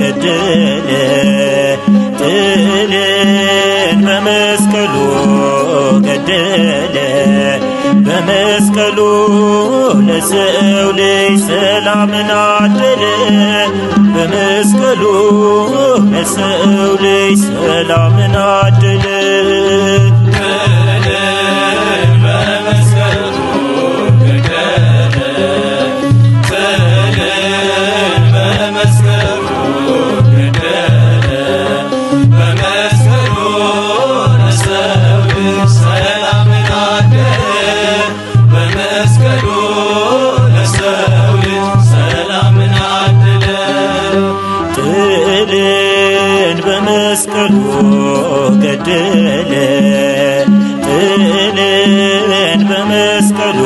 ገደለ ጥልን በመስቀሉ ገደለ በመስቀሉ ለሰው ልጅ ሰላምን አደለ በመስቀሉ ለሰው ልጅ ሰላምን አደለ መስቀሉ ገደለን ጥልን በመስቀሉ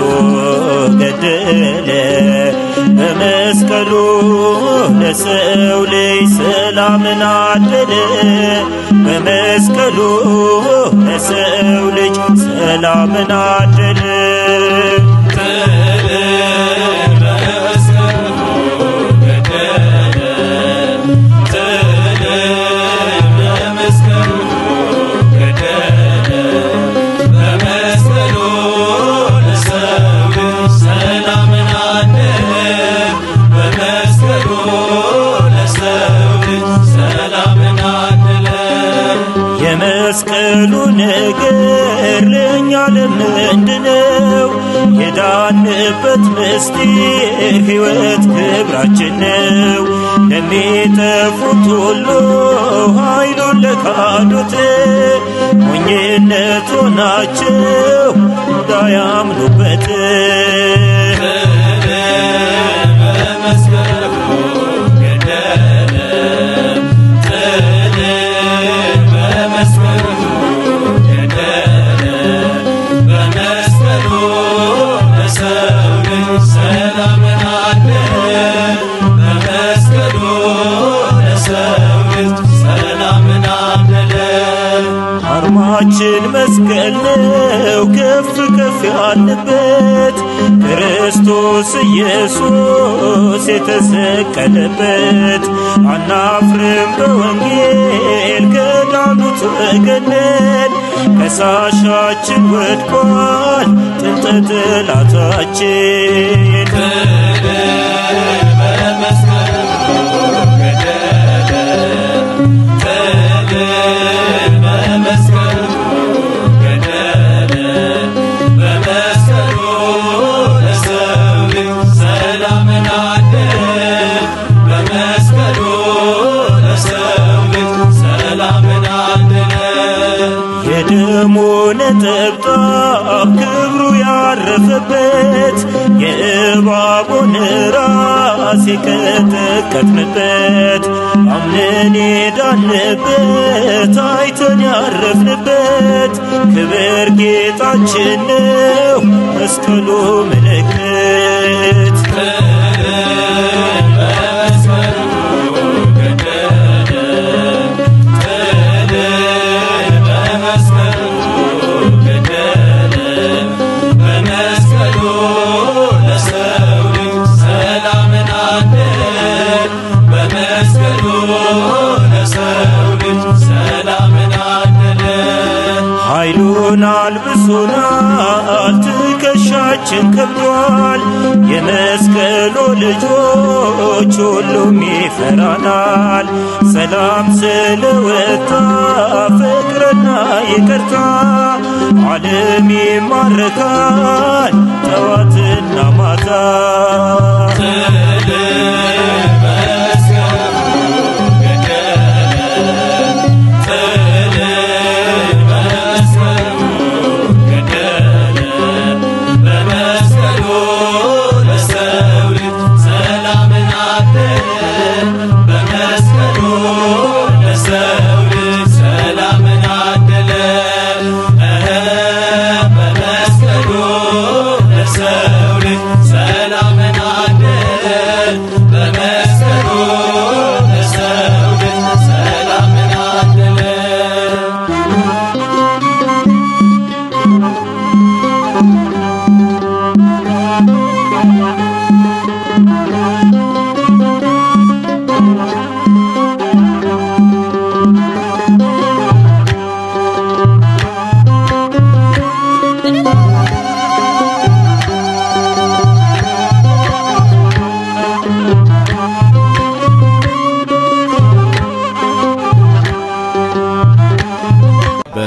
ገደለ በመስቀሉ ለሰው ልጅ ሰላምን አደለ በመስቀሉ ለሰው ልጅ ሰላምን አደለ ምርልኛል ምንድነው የዳንበት ምስጢር ሕይወት ክብራችን ነው ለሚጠፉት ሁሉ ኃይሉን ለካዱት ሞኝነት ሆናችሁ እንዳያምኑበት አርማችን መስቀል ነው ከፍ ከፍ ያለበት! ክርስቶስ ኢየሱስ የተሰቀለበት። አናፍርም በወንጌል ከዳኑት መገነን ከሳሻችን ወድቋል ጥንተ ጠላታችን የደሙ ነጠብጣብ ክብሩ ያረፈበት የእባቡን ራስ የቀጠቀጥንበት አምነን የዳንበት አይተን ያረፍንበት ክብር ጌጣችን ነው መስቀሉ ምልክት ክብሩን ብሶናል ትከሻችን ከብዷል። የመስቀሉ ልጆች ሁሉም ይፈራናል። ሰላም ስለወጣ ፍቅርና ይቅርታ ዓለም ይማርካል ጠዋትና ማታ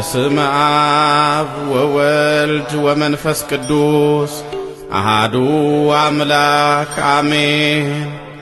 بسم آب وولد ومنفس قدوس أهدو أملاك آمين